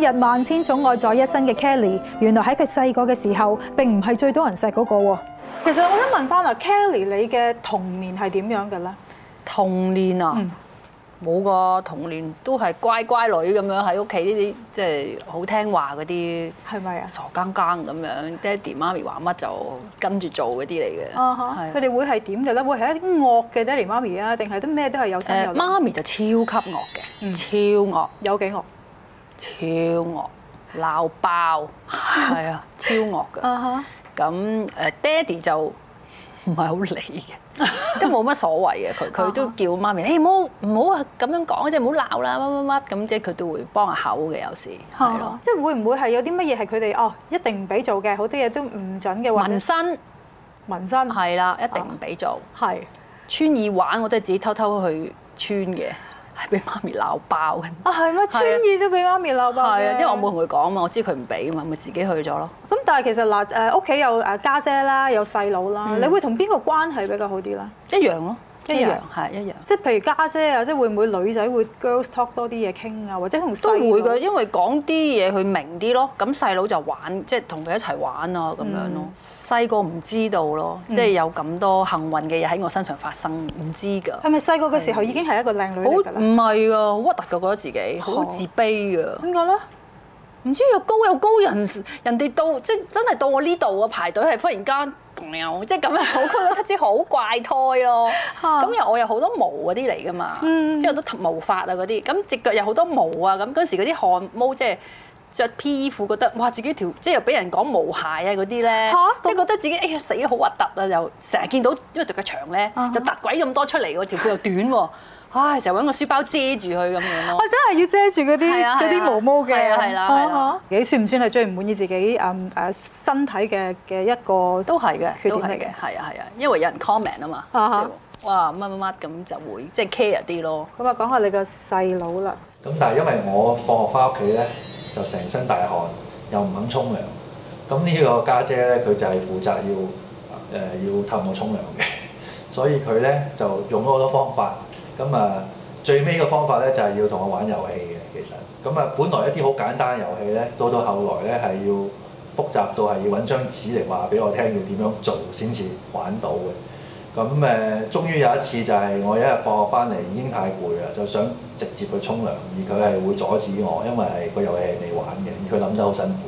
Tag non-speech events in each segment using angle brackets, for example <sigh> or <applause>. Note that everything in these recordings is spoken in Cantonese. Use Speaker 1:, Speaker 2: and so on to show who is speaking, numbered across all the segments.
Speaker 1: 日萬千寵愛在一身嘅 Kelly，原來喺佢細個嘅時候，並唔係最多人錫嗰、嗰個。其實我想問翻啦 <music> ，Kelly，你嘅童年係點樣
Speaker 2: 噶咧？童年啊，冇、嗯、個童年都係乖乖女咁樣喺屋企，呢啲即係好聽話嗰啲，係咪啊？傻更更咁樣，爹哋媽咪話乜就跟住做嗰啲嚟嘅。佢哋會係點嘅？咧？會係一啲惡嘅爹哋媽咪啊？定係都咩都係有心有？媽咪就超級惡嘅，超惡兇，有幾惡？超惡鬧爆，係啊，超惡㗎。咁誒爹哋就唔係好理嘅，都冇乜所謂嘅。佢佢都叫媽咪，你唔好唔好咁樣講，即係唔好鬧啦，乜乜乜咁。即係佢都會幫下口嘅，有時係咯。即係會唔會係有啲乜嘢係佢哋哦？一定唔俾做嘅，好多嘢都唔準嘅話。紋身，紋身係啦，一定唔俾做。係穿耳環我都係自己偷偷去穿嘅。係俾媽咪鬧爆，啊係咩？穿嘢都俾媽咪鬧爆啊，因為我冇同佢講啊嘛，我知佢唔俾啊嘛，咪自己去咗咯。咁但係其實嗱
Speaker 1: 誒，屋企有誒家姐啦，有細佬啦，嗯、你會同邊個關係比較好啲啦？一樣咯。一樣係
Speaker 2: 一樣，即係譬如家姐啊，即係會唔會女仔會 girls talk 多啲嘢傾啊，或者同細佬都會嘅，因為講啲嘢佢明啲咯。咁細佬就玩，即係同佢一齊玩啊咁、嗯、樣咯。細個唔知道咯，嗯、即係有咁多幸運嘅嘢喺我身上發生，唔知㗎。係咪細個嘅時候已經係一個靚女嚟㗎？唔係㗎，好核突㗎，覺得自己好、哦、自卑㗎。點解咧？唔知又高又高人，人哋到即係真係到我呢度啊！排隊係忽然間。即係咁係好，我覺得好似好怪胎咯。咁又我有好多毛嗰啲嚟噶嘛，即係都頭毛髮啊嗰啲。咁隻腳有好多毛啊。咁嗰時嗰啲汗毛，即係着披衣褲覺得，哇！自己條即係又俾人講毛鞋啊嗰啲咧，即係覺得自己哎呀死得好核突啊！又成日見到因為條腳長咧，就突鬼咁多出嚟喎，條褲又短喎。唉，成日揾個書包遮住佢咁樣咯。我、啊、真係要遮住嗰啲嗰啲毛毛嘅。係啦、啊，係啦、啊。
Speaker 1: 你算唔算係最唔滿意自己誒誒、嗯啊、身體嘅
Speaker 2: 嘅一個都？缺點都係嘅，都嚟嘅，係啊係啊，因為有人 comment 啊嘛。哇乜乜乜咁就會即係、就是、care 啲咯。咁啊、嗯，講下你個細佬啦。咁但係因為我放學翻屋企咧，就成身大汗，又唔肯沖涼。咁呢個家姐咧，佢就係負責要誒、呃、要氹我沖涼嘅，所以佢咧就用咗好多方法。咁啊，最尾嘅方法咧就係、是、要同我玩遊戲嘅，其實咁啊，本來一啲好簡單嘅遊戲咧，到到後來咧係要複雜到係要揾張紙嚟話俾我聽要點樣做先至玩到嘅。咁誒，終、呃、於有一次就係我一日放學翻嚟已經太攰啦，就想直接去沖涼，而佢係會阻止我，因為係、這個遊戲未玩嘅，而佢諗得好辛苦。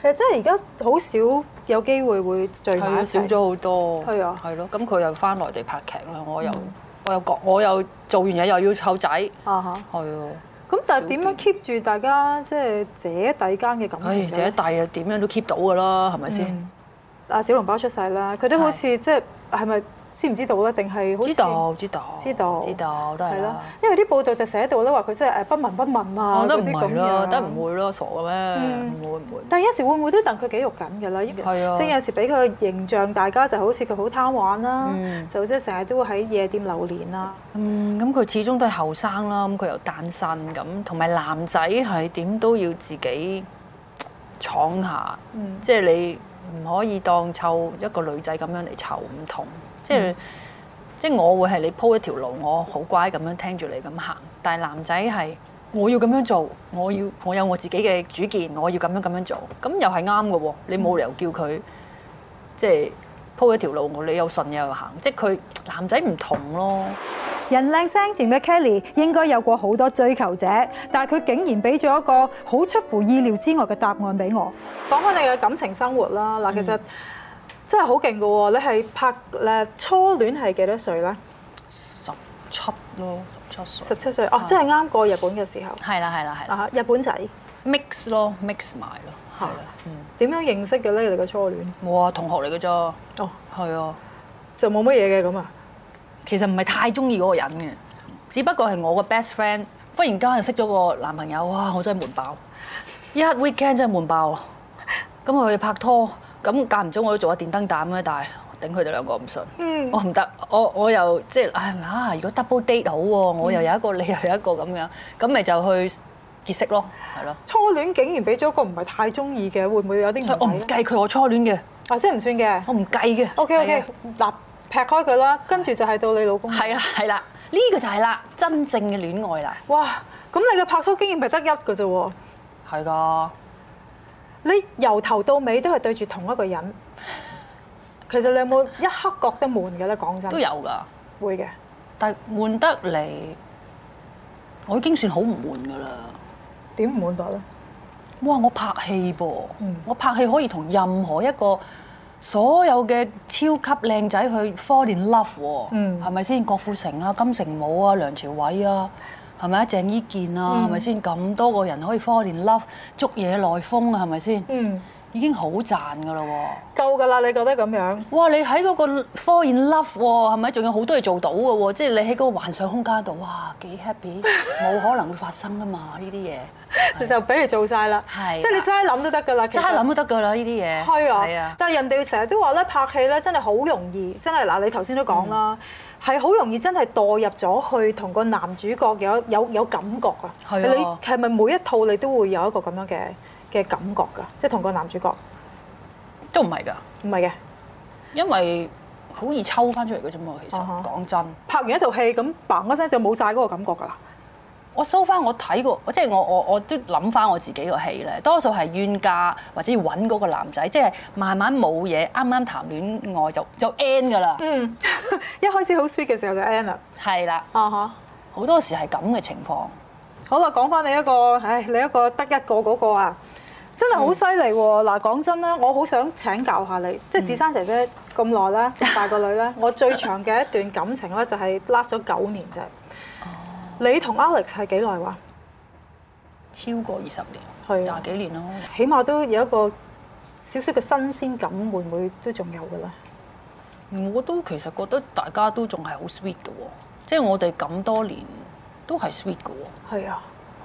Speaker 2: 其
Speaker 1: 實真係而家好少
Speaker 2: 有機會會聚埋、啊、少咗好多。係啊，係咯、啊，咁佢又翻內地拍劇啦，我又。嗯我又覺我又做完嘢又要湊仔，啊哈、uh，係、huh. 喎的。咁但係點
Speaker 1: 樣 keep 住大家即係姐弟間嘅感情姐弟
Speaker 2: 啊，點、哎、樣都 keep 到㗎啦，係咪先？
Speaker 1: 阿吧小籠包出世啦，佢都好似是即係係咪？是知唔知道咧？定係好似知，知道、知道、知道，係咯、啊啊。因為啲報道就寫喺度咧，話佢即係誒不聞不問啊嗰啲咁嘅。我都唔係咯，都唔會咯，傻嘅咩？唔會唔會。但有時會唔會都等佢幾肉緊嘅咧？是啊、即有時俾佢個形象，嗯、大家就好似佢好貪玩啦，嗯、就即係成日都喺
Speaker 2: 夜店流連啦。嗯，咁佢始終都係後生啦，咁佢又單身咁，同埋男仔係點都要自己闖下，即、就、係、是、你。 <laughs> 唔可以當湊一個女仔咁樣嚟湊，唔同，即係、嗯、即係我會係你鋪一條路，我好乖咁樣聽住你咁行。但係男仔係我要咁樣做，我要我有我自己嘅主見，我要咁樣咁樣做，咁又係啱嘅喎。你冇理由叫佢即係鋪一條路，我你又順又行，即係佢男仔唔同咯。
Speaker 1: 人靚聲甜嘅 Kelly 應該有過好多追求者，但係佢竟然俾咗一個好出乎意料之外嘅答案俾我。講開你嘅感情生活啦，嗱，其實真係好勁㗎，你係拍誒初戀係幾多歲咧？
Speaker 2: 十七咯，十七歲。十七歲哦，即係
Speaker 1: 啱過日本嘅時候。係啦係
Speaker 2: 啦係啦，吓日本仔 mix 咯，mix 埋咯，
Speaker 1: 係啦。嗯，點樣認識嘅咧？你嘅
Speaker 2: 初戀？冇啊，同學嚟嘅咋？哦，係啊，就冇乜嘢嘅咁啊。其實唔係太中意嗰個人嘅，只不過係我個 best friend，忽然間又識咗個男朋友，哇！我真係悶爆，一 weekend 真係悶爆。咁我去拍拖，咁間唔中我都做下電燈膽啦。但係頂佢哋兩個唔順，我唔得，我我又即係，唉呀！如果 double date 好，我又有一個，你又有一個咁樣，咁咪就去結識咯，係咯。初戀竟然俾咗個唔係太中意嘅，會唔會有啲唔同？我唔計佢，我初戀嘅，啊，即係唔算嘅，我唔計嘅。O K O K，立。劈開佢啦，跟住就係到你老公。係啦係啦，呢個就係啦，真正嘅戀愛啦。哇！咁你嘅拍拖經驗
Speaker 1: 唔係得一嘅啫喎。係噶的，你由頭到尾都係對住同一個人。唉其實你有冇一刻覺得悶嘅咧？講真。都有㗎。會
Speaker 2: 嘅的，但係悶得嚟，我已經算好唔悶㗎啦。點唔悶法咧？嗯、哇！我拍戲噃、啊，我拍戲可以同任何一個。所有嘅超級靚仔去 fall in love 喎、嗯，係咪先？郭富城啊、金城武啊、梁朝偉啊，係咪啊？鄭伊健啊，係咪先？咁、嗯、多個人可以 fall in love，捉嘢來風啊，係咪先？嗯已經好賺噶啦喎，夠噶啦！你覺得咁樣？哇！你喺嗰個 fall in love 喎、哦，係咪？仲有好多嘢做到噶喎、哦，即係你喺嗰個幻想空間度哇，幾 happy！冇可能會發生噶嘛呢啲嘢，其實俾你做晒啦，即係你齋諗都得噶啦，齋諗都得噶啦呢啲嘢。係啊！
Speaker 1: 但係人哋成日都話咧，拍戲咧真係好容易，真係嗱，你頭先都講啦，係好、嗯、容易真係墮入咗去同個男主角有有有感覺啊！係你係咪每一套你都會有一個咁樣嘅？嘅感覺㗎，即係同個男主角
Speaker 2: 都唔係㗎，唔係嘅，因為好易抽翻出嚟嘅啫嘛？其實、uh huh. 講真，拍完一套戲咁，砰嗰聲就冇晒嗰個感覺㗎啦、so。我搜翻我睇過，即係我我我都諗翻我自己個戲咧，多數係冤家或者要揾嗰個男仔，即係慢慢冇嘢，啱啱談戀愛就就 end 㗎啦。嗯， <laughs> 一開始好 sweet 嘅時候就 end 啦。係啦了，啊哈、uh，好、huh. 多時係咁嘅情況。好啦，講翻你一個，
Speaker 1: 唉，你一個得一個嗰個啊、那個！真係好犀利喎！嗱，講真啦，我好想請教下你，即係子珊姐姐咁耐啦，大個女啦，我最長嘅一段感情咧就係 last 咗九年啫。啊、你同 Alex 係幾耐話？超過二十年，係啊，廿幾年咯，起碼都有一個少少嘅新鮮
Speaker 2: 感，會唔會都仲有嘅咧？我都其實覺得大家都仲係好 sweet 嘅喎，即係我哋咁多年都係 sweet 嘅喎。係啊。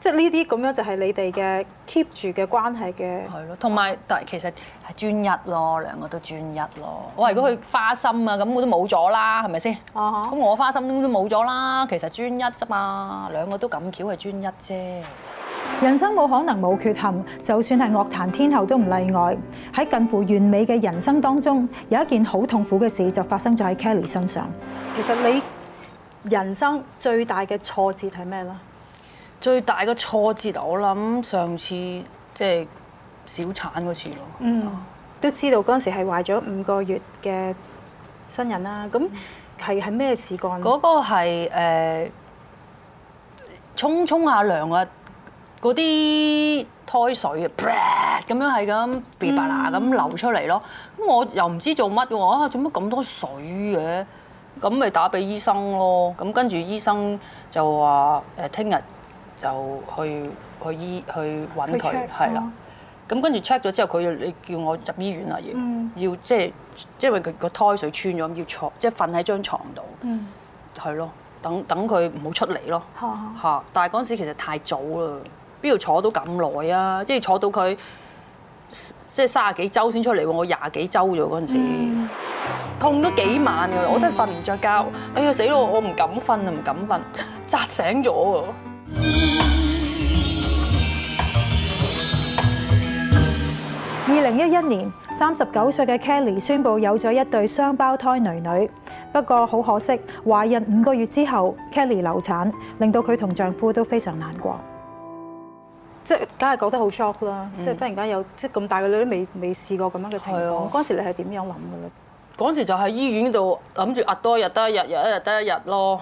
Speaker 2: 即係呢啲咁樣就係你哋嘅 keep 住嘅關係嘅。係咯，同埋但係其實係專一咯，兩個都專一咯。哇！如果佢花心啊，咁我都冇咗啦，係咪先？咁、uh huh. 我花心都都冇咗啦，其實專一啫嘛，兩個都咁巧係專一啫。人生冇可能冇缺陷，就算係樂壇
Speaker 1: 天后都唔例外。喺近乎完美嘅人生當中，有一件好痛苦嘅事就發生咗喺 Kelly 身上。
Speaker 2: 其實你人生最大嘅挫折係咩呢？最大嘅挫折，我諗上次即係小產嗰次咯。嗯，都知道嗰陣時係懷咗五個月嘅新人啦。咁係係咩事幹？嗰個係誒沖沖下涼啊！嗰啲胎水啊，咁樣係咁，白啦咁流出嚟咯。咁我又唔知做乜喎？做乜咁多水嘅？咁咪打俾醫生咯。咁跟住醫生就話誒，聽日。就去去醫去揾佢係啦，咁跟住 check 咗之後，佢你叫我入醫院啊，嗯、要要即係，因為佢個胎水穿咗，要坐，即係瞓喺張床度，係咯、嗯，等等佢唔好出嚟咯嚇，但係嗰陣時其實太早啦，邊度坐到咁耐啊？即係坐到佢即係三十幾週先出嚟喎，我廿幾周咗嗰陣時、
Speaker 1: 嗯、
Speaker 2: 痛咗幾晚㗎啦，我真係瞓唔着覺，嗯、哎呀死咯！我唔敢瞓啊，唔敢瞓，扎醒咗
Speaker 1: 二零一一年，三十九歲嘅 Kelly 宣布有咗一對雙胞胎女女，不過好可惜，懷孕五個月之後 Kelly 流產，令到佢同丈夫都非常難過。即係，梗係覺得好 shock 啦！即係忽然間有
Speaker 2: 即係咁大個女都未未試過咁樣嘅情況，嗰是的 時你係點樣諗嘅咧？嗰時就喺醫院度諗住壓多日得一日，又一日得一日咯。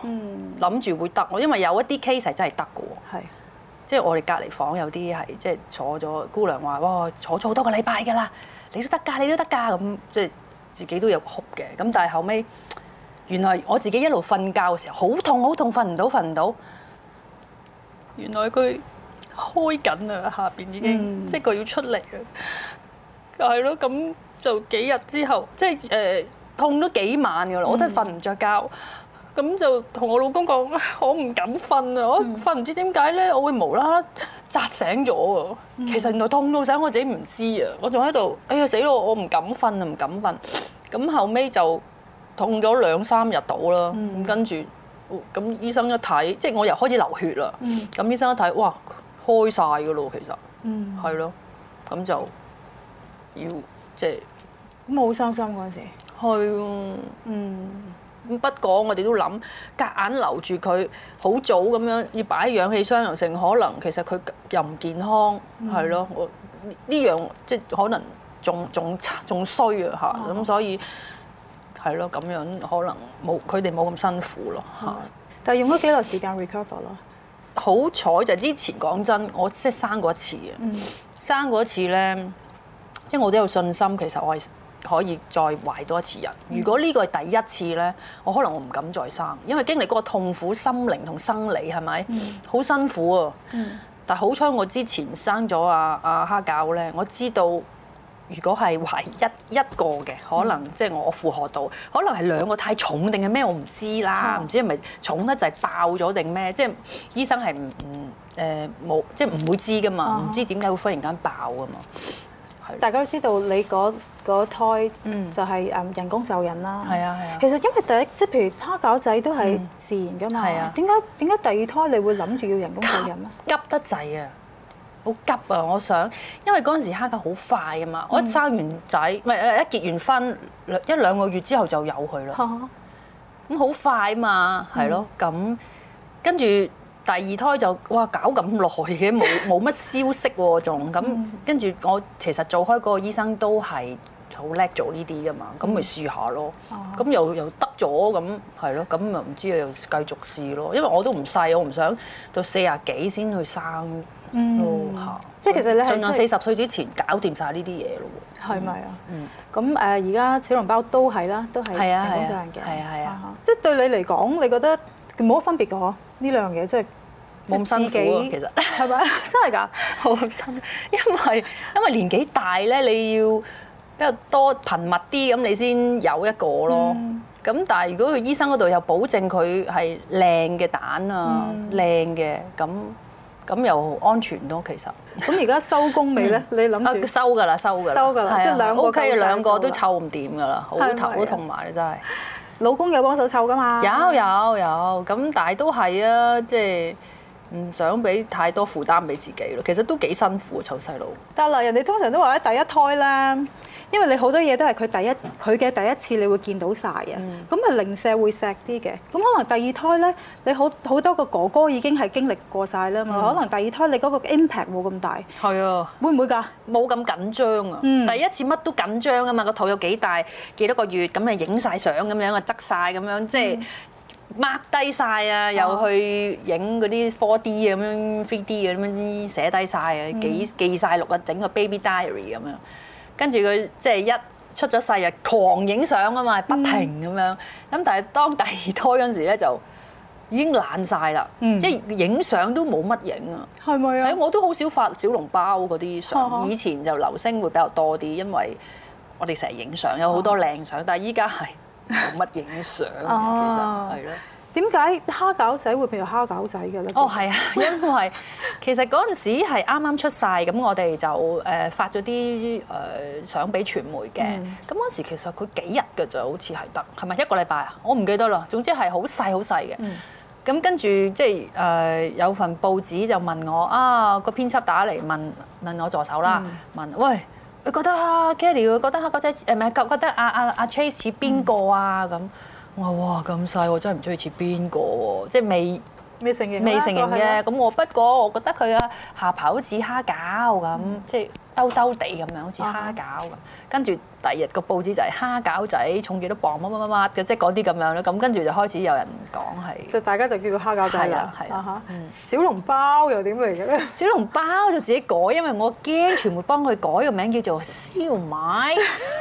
Speaker 2: 諗住會得，我因為有一啲 case 係真係得嘅喎。係，即係我哋隔離房有啲係即係坐咗，姑娘話：哇，坐咗好多個禮拜㗎啦，你都得㗎，你都得㗎。咁即係自己都有哭嘅。咁但係後尾，原來我自己一路瞓覺嘅時候好痛好痛，瞓唔到瞓唔到。原來佢開緊啊，下邊已經即係佢要出嚟啊，係咯咁。就幾日之後，即係誒痛咗幾晚噶啦。我都係瞓唔着覺，咁就同我老公講：我唔敢瞓啊！我瞓唔知點解咧？我會無啦啦扎醒咗啊！其實原來痛到醒我自己唔知啊！我仲喺度，哎呀，死咯！我唔敢瞓啊！唔敢瞓。咁後尾就痛咗兩三日度啦。咁跟住，咁醫生一睇，即係我又開始流血啦。咁醫生一睇，哇，開晒噶咯，其實係咯，咁就要。即係
Speaker 1: 咁，好、就是、傷心嗰陣時。係喎的，嗯。
Speaker 2: 咁、嗯、不過我哋都諗，夾硬留住佢，好早咁樣要擺氧氣箱又性。可能其實佢又唔健康，係咯、嗯。我呢樣即係可能仲仲仲衰啊嚇，咁所以係咯，咁樣可能冇佢哋冇咁辛苦咯嚇、嗯。但係用咗幾耐時間 recover 咯？好彩就之前講真，我即係生過一次啊、嗯，生過一次咧。即係我都有信心，其實我係可以再懷多一次孕。如果呢個係第一次咧，我可能我唔敢再生，因為經歷嗰個痛苦，心靈同生理係咪、嗯、好辛苦啊？嗯、但好彩我之前生咗阿阿蝦餃咧，我知道如果係懷一一個嘅，可能、嗯、即係我負荷到，可能係兩個太重定係咩？我唔知啦，唔、嗯、知係咪重得就係爆咗定咩？即係醫生係唔唔誒冇即係唔會知噶嘛，唔、啊、知點解會忽然間爆噶嘛。
Speaker 1: 大家都知道你嗰嗰胎就係誒人工受孕啦、嗯。係啊係啊。其實因為第一即係譬如蝦餃仔都係自然㗎嘛。係、嗯、啊。點解點解第二胎你會諗
Speaker 2: 住要人工受孕咧？急得滯啊！好急啊！我想，因為嗰陣時蝦餃好快啊嘛。我一生完仔唔係誒，一結完婚兩一兩個月之後就有佢啦。咁好哈快啊嘛，係咯、嗯。咁跟住。第二胎就哇搞咁耐嘅，冇冇乜消息喎，仲咁跟住我其實做開嗰個醫生都係好叻做呢啲㗎嘛，咁咪試下咯，咁又又得咗咁係咯，咁咪唔知又繼續試咯，因為我都唔細，我唔想到四啊幾先去生
Speaker 1: 咯嚇，
Speaker 2: 即係其實你係盡量四十歲之前搞掂晒呢啲嘢咯喎，係咪啊？咁誒而家小籠包都係啦，都係講笑眼，係啊係啊，
Speaker 1: 即係對你嚟講，你覺得？冇乜分別㗎嗬，呢兩樣嘢即係
Speaker 2: 冇咁辛苦，其實係咪？真係㗎，好辛苦。因為因為年紀大咧，你要比較多頻密啲，咁你先有一個咯。咁但係如果去醫生嗰度又保證佢係靚嘅蛋啊，靚嘅咁咁又安全多其實。咁而家收工未咧？你諗？收㗎啦，收㗎。收㗎啦，即係兩個都 OK，兩個都湊唔掂㗎啦，好頭都痛埋，你真係。老公有幫手湊㗎嘛？有有有，咁但係都係啊，即係。唔想俾太多負擔俾自己咯，其實都幾辛苦湊細路。但係，人哋通常都
Speaker 1: 話咧第一胎咧，因為你好多嘢都係佢第一佢嘅第一次，你會見到曬嘅，咁啊零舍會錫啲嘅。咁可能第二胎咧，你好好多個哥哥已經係經歷過曬啦嘛，可能第二胎你嗰個 impact 冇咁大。係啊，會唔會㗎？冇咁緊
Speaker 2: 張啊！第一次乜都緊張㗎嘛，個肚有幾大幾多個月，咁啊影曬相咁樣啊執曬咁樣，即係。mark 低曬啊，又去影嗰啲 4D 啊，咁樣 3D 啊，咁樣寫低曬啊，記記曬錄啊，整個 baby diary 咁樣。跟住佢即係一出咗世，就狂影相啊嘛，不停咁樣。咁但係當第二胎嗰陣時咧，就已經懶曬啦，即係影相都冇乜影啊。係咪啊？我都好少發小籠包嗰啲相，以前就流星會比較多啲，因為我哋成日影相，有好多靚相。但係依家係。冇乜影相，其實係咯。點解、啊、的蝦餃仔會變成蝦餃仔嘅咧？哦，係啊，因為 <laughs> 其實嗰陣時係啱啱出世，咁我哋就誒、呃、發咗啲誒相俾傳媒嘅。咁嗰、嗯、時其實佢幾日嘅咋？好似係得係咪一個禮拜啊？我唔記得啦。總之係好細好細嘅。咁跟住即係誒有份報紙就問我啊，個編輯打嚟問問我助手啦，嗯、問喂。佢覺得啊，Kelly 會覺得，覺得啊，嗰仔誒唔係，覺覺得啊啊啊 Chase 似邊個啊，咁？哇哇咁細，我真係唔中意似邊個即係美，就是未成形嘅，咁我不過我覺得佢嘅下巴好似蝦餃咁，即係兜兜地咁樣好似蝦餃咁，跟住第二日個報紙就係蝦餃仔重幾多磅乜乜乜乜嘅，即係嗰啲咁樣咯。咁跟住就開始有人講係，就大家就叫做蝦餃仔啦，
Speaker 1: 嚇。
Speaker 2: 小籠包又點嚟嘅咧？小籠包就自己改，因為我驚全部幫佢改個名叫做燒賣，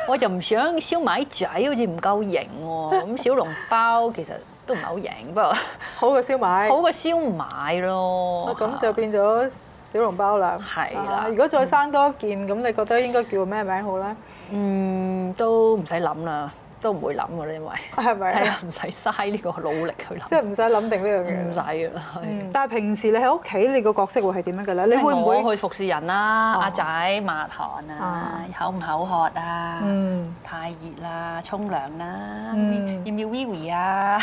Speaker 2: 我就唔想燒賣仔好似唔夠型喎。咁小籠包其實。都唔係好型，不過 <laughs> 好過燒賣， <laughs> 好過燒賣咯。
Speaker 1: 咁 <laughs> 就變咗小籠包啦。係啦，如果再生多件，咁你覺得
Speaker 2: 應該叫咩名好咧？嗯，都唔使諗啦。都唔會諗㗎咧，因為係咪？係啊，唔使嘥呢個努力去諗，即係唔使諗定呢樣嘢，唔使啊！但係平時你喺屋企，你個角色會係點樣㗎咧？你會唔會去服侍人啦、啊？阿仔抹汗啊，口唔口渴啊？嗯、太熱啦，沖涼啦，嗯、要唔要 wee 啊？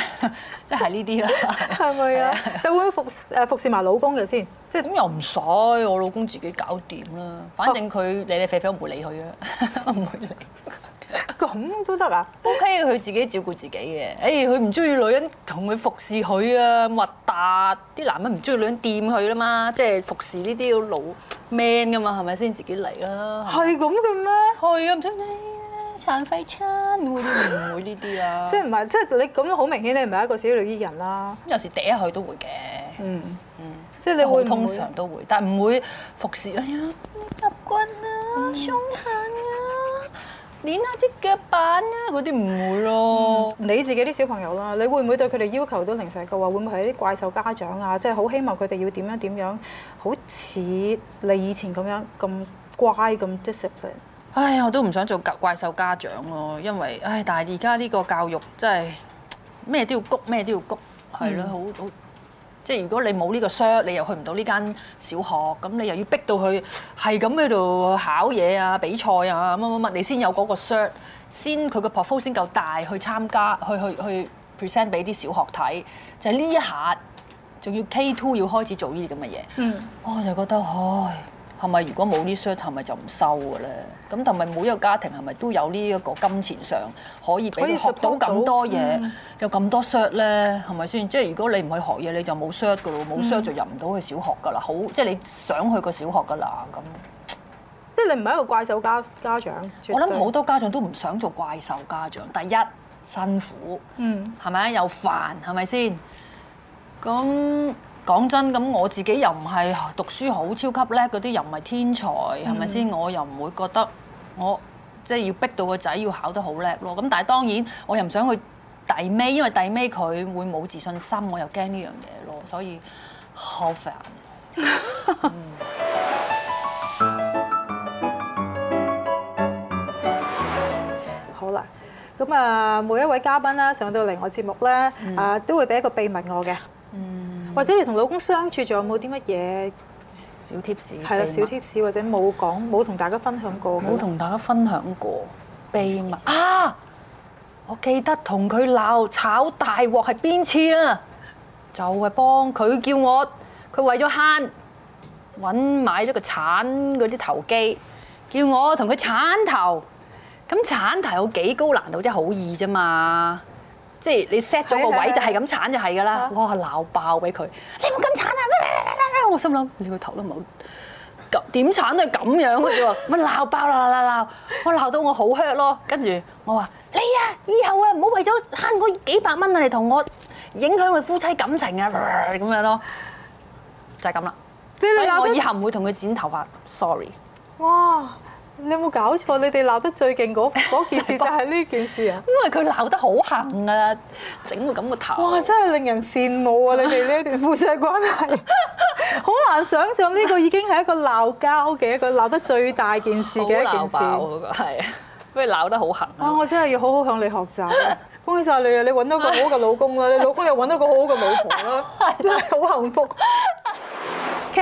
Speaker 2: 即係呢啲啦，係咪啊？都 <laughs> <laughs> 會服誒服侍埋老公嘅先。即係咁又唔使，我老公自己搞掂啦。反正佢理理肥肥唔會理佢啊，唔會理。咁都得啊？O K，佢自己照顧自己嘅。誒、哎，佢唔中意女人同佢服侍佢啊，核突！啲男人唔中意女人掂佢啊嘛，即係服侍呢啲老 man 噶嘛，係咪先自己嚟啦？係咁嘅咩？係 <laughs> 啊，唔出聲，殘廢親咁，我都唔會呢啲啊。即係唔
Speaker 1: 係？即係你咁樣好明顯，你唔係一個小女人啦。有時嗲下佢都會嘅。嗯。
Speaker 2: 即係你會，會通常都會，但係唔會服侍。哎呀，你習慣啊，鬆下啊，練下隻腳板啊，嗰啲唔會咯、嗯。你
Speaker 1: 自己啲小朋友啦，你會唔會對佢哋要求都零舍嘅話，會唔會係啲怪獸家長啊？即係好希望佢哋要點樣點樣，好似你以前咁樣咁乖咁
Speaker 2: ，discipline。唉呀，我都唔想做怪怪獸家長咯，因為唉，但係而家呢個教育真係咩都要谷，咩都要谷，係咯、嗯，好好。即係如果你冇呢個 cert 你又去唔到呢間小學，咁你又要逼到佢係咁喺度考嘢啊、比賽啊乜乜乜，你有先有嗰個 cert 先佢個 portfolio 先夠大去參加去去去 present 俾啲小學睇，就係、是、呢一下，仲要 K2 要開始做呢啲咁嘅嘢，嗯、我就覺得唉。哎係咪如果冇呢啲 shirt 係咪就唔收嘅咧？咁同埋每一個家庭係咪都有呢一個金錢上可以俾你學到咁多嘢，有咁多 shirt 咧？係咪先？即係如果你唔去學嘢，你就冇 shirt 嘅咯，冇 shirt 就入唔到去小學㗎啦。好，即係你想去個小學㗎啦咁。即係你唔係一個怪獸家家長。我諗好多家長都唔想做怪獸家長。第一辛苦，係咪？又煩，係咪先？咁。講真，咁我自己又唔係讀書好超級叻嗰啲，又唔係天才，係咪先？嗯、我又唔會覺得我即係要逼到個仔要考得好叻咯。咁但係當然，我又唔想去第尾，因為第尾佢會冇自信心，我又驚呢樣嘢咯。所以、 <laughs> 嗯、好煩。
Speaker 1: 好啦，咁啊，每一位嘉賓啦，上到嚟我節目咧啊，嗯、都會俾一個秘密我嘅。或者你同老公相處仲有冇啲乜嘢小貼士？係啦，小貼士或者冇講冇同大家分享過。冇同
Speaker 2: 大家分享過秘密啊！我記得同佢鬧炒大鑊係邊次啦？就係幫佢叫我，佢為咗慳揾買咗個鏟嗰啲頭機，叫我同佢鏟頭。咁鏟頭有幾高難度啫？即係好易啫嘛！即係你 set 咗個位係係係就係咁鏟就係㗎啦，哇鬧爆俾佢！你唔好咁鏟啊！我心諗你，這個頭都唔好咁點，鏟都係咁樣嘅啫喎，咪鬧 <laughs> 爆啦啦啦啦！我鬧到我好 hurt 咯，跟住我話你啊，以後啊唔好為咗慳嗰幾百蚊啊你同我影響佢夫妻感情啊咁樣咯，就係咁啦。所以我以後唔會同佢剪頭髮，sorry。
Speaker 1: 哇！你有冇搞錯？你哋鬧得最勁嗰件事就係呢件事啊！因為佢鬧得好痕啊，整到咁個頭。哇！真係令人羨慕啊，你哋呢一段夫妻關係，好 <laughs> <laughs> 難想像呢個已經係一個鬧交嘅一個鬧得最大件事嘅一件事。鬧爆、嗰個、
Speaker 2: 係
Speaker 1: 啊！不如咩鬧得好痕啊！我真係要好好向你學習、啊。 <laughs> 恭喜晒你啊！你揾到個好嘅老公啦，你老公又揾到個好嘅老婆啦， <laughs> <laughs> 真係好幸福。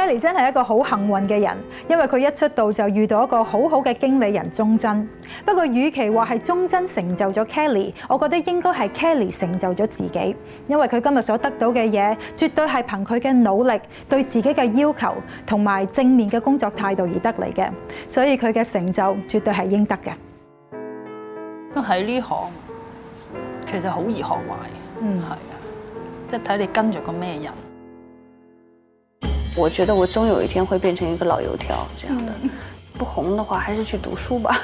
Speaker 1: Kelly 真係一個好幸運嘅人，因為佢一出道就遇到一個好好嘅經理人鍾珍。不過，與其話係鍾珍成就咗 Kelly，我覺得應該係 Kelly 成就咗自己。因為佢今日所得到嘅嘢，絕對係憑佢嘅努力，對自己嘅要求同埋正面嘅工作態度而得嚟嘅。所以佢嘅成就
Speaker 2: 絕對係應得嘅。喺呢行，其實好易學壞。嗯，係啊，即係睇你跟住個咩人。我覺得我終有一天會變成一個老油條，這樣的，嗯、不紅的話，還是去讀書吧。